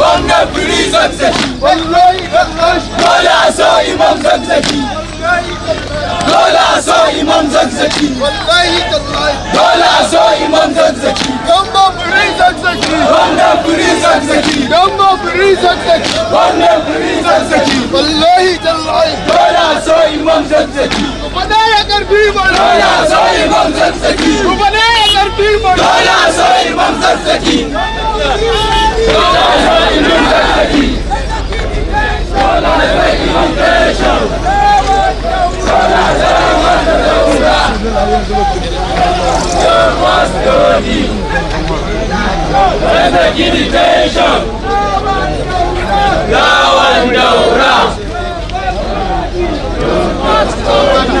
والنبري زمزم والله بلاش قال عصا امام زكزكي قال عصا امام زكزكي والله والله قال عصا امام زكزكي والنبري زكزكي والنبري زكزكي والنبري زكزكي والنبري زكزكي والله والله قال عصا امام زكزكي ربنا يا قلبي قال عصا امام زكزكي ربنا يا قلبي قال عصا Meditation. Lawan daura. Lawan daura.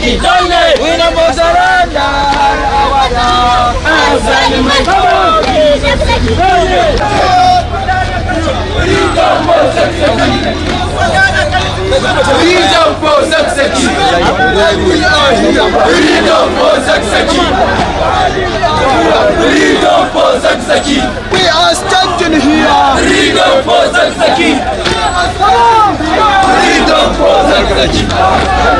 yaki dole winapo saranda awada azalimai kawai shafsaki dole Freedom for Saksaki! We are here! Freedom for Saksaki! Freedom for Saksaki! We are standing here! Freedom for Saksaki! Freedom for Saksaki!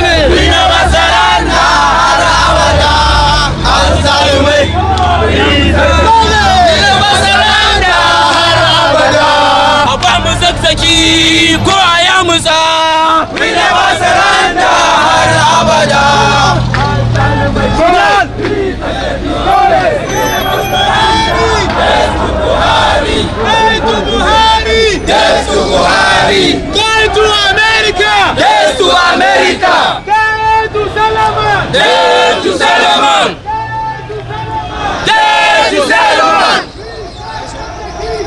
David. Going to America. Yes to America. Dead to Solomon. Dead to Solomon. Dead to Solomon.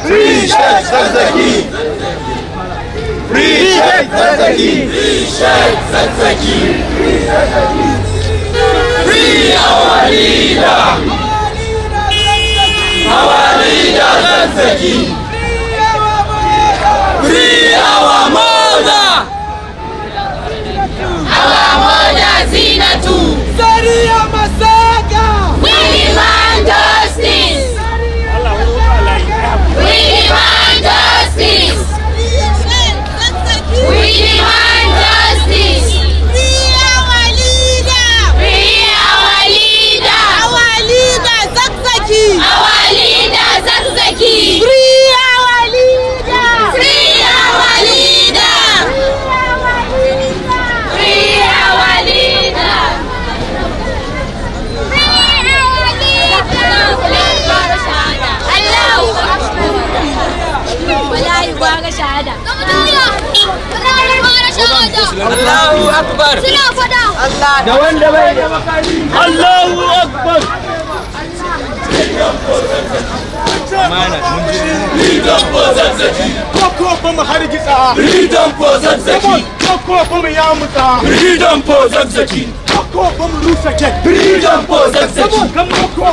Free Sheikh Zazaki. Free Sheikh Zazaki. Free Sheikh Zazaki. Free our leader. Our leader Zazaki. Allahu Akbar. Allah da wanda bai da makami. Allahu Akbar. Amana mun ji. Ridan pozan zaki. Koko ba mu hargitsa. Ridan pozan Koko kowa ba mu rusa gate freedom for zazzaki kan mu kowa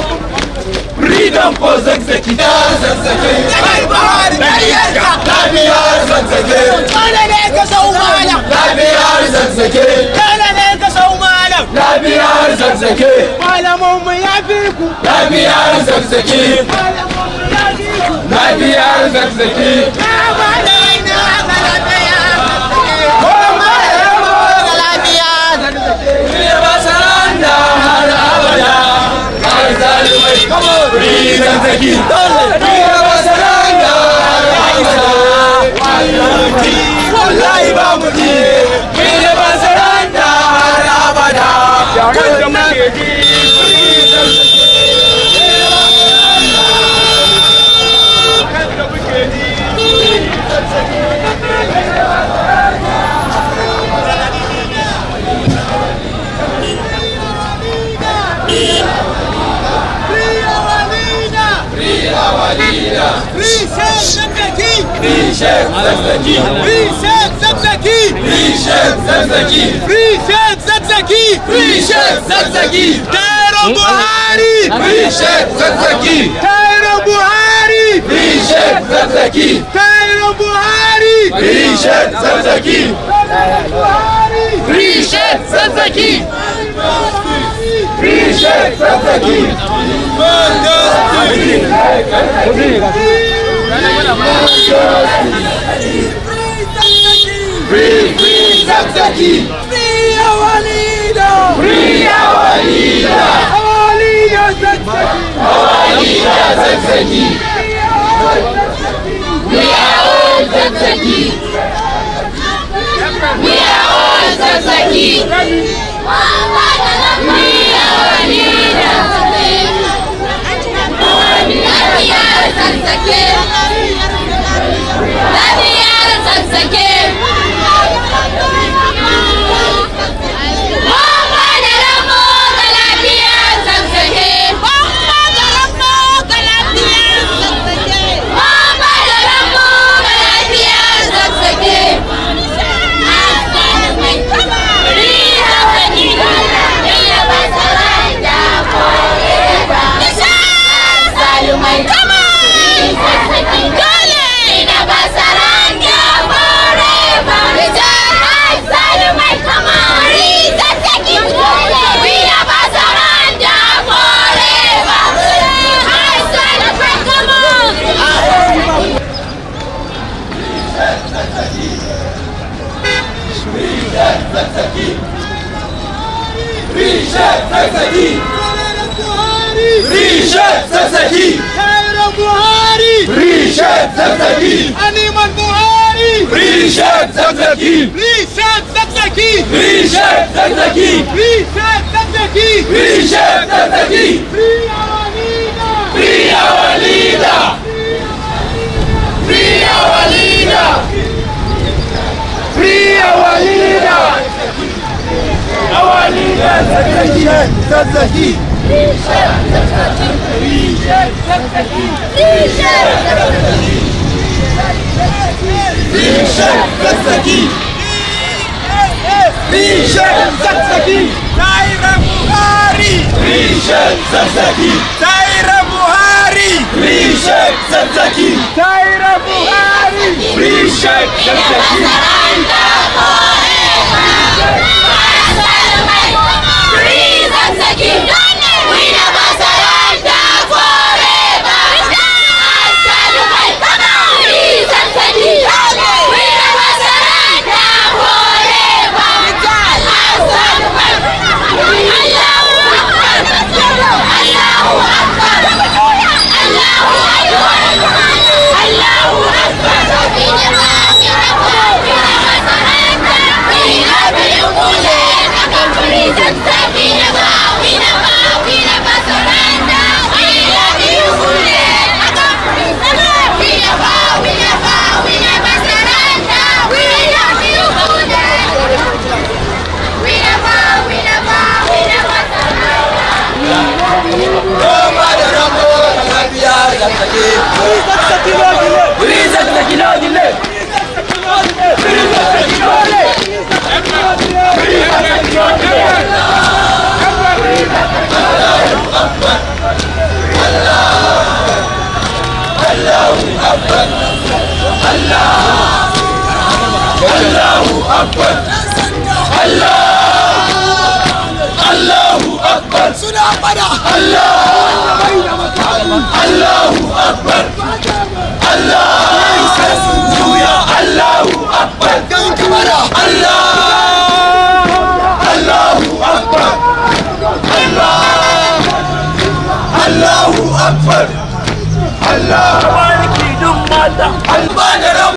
freedom for zazzaki da ne ne ya fi ku ya fi ku malamai kuri zazzaki ni gaba saranga Cheikh Zazaki Free Zazaki Free Zazaki Free, free Zakzaki! Free our leader! Free our leader! Our leader Zakzaki! Our leader leader! زلزلكين أنيم المعاري ريشات زلزلكين ريشات زلزلكين ريشات زلزلكين ريشات زلزلكين ريشات زلزلكين في أوالينا في أوالينا في أوالينا في أوالينا أوالينا زلزلكين زلزلكين ريشات زلزلكين ريشات زلزلكين ريشات زلزلكين بشكل زكزكي بشكل زكزكي دايرة بوهاري بشكل زكزكي دايرة بوهاري بشكل زكزكي دايرة بوهاري بشكل زكزكي أنت الله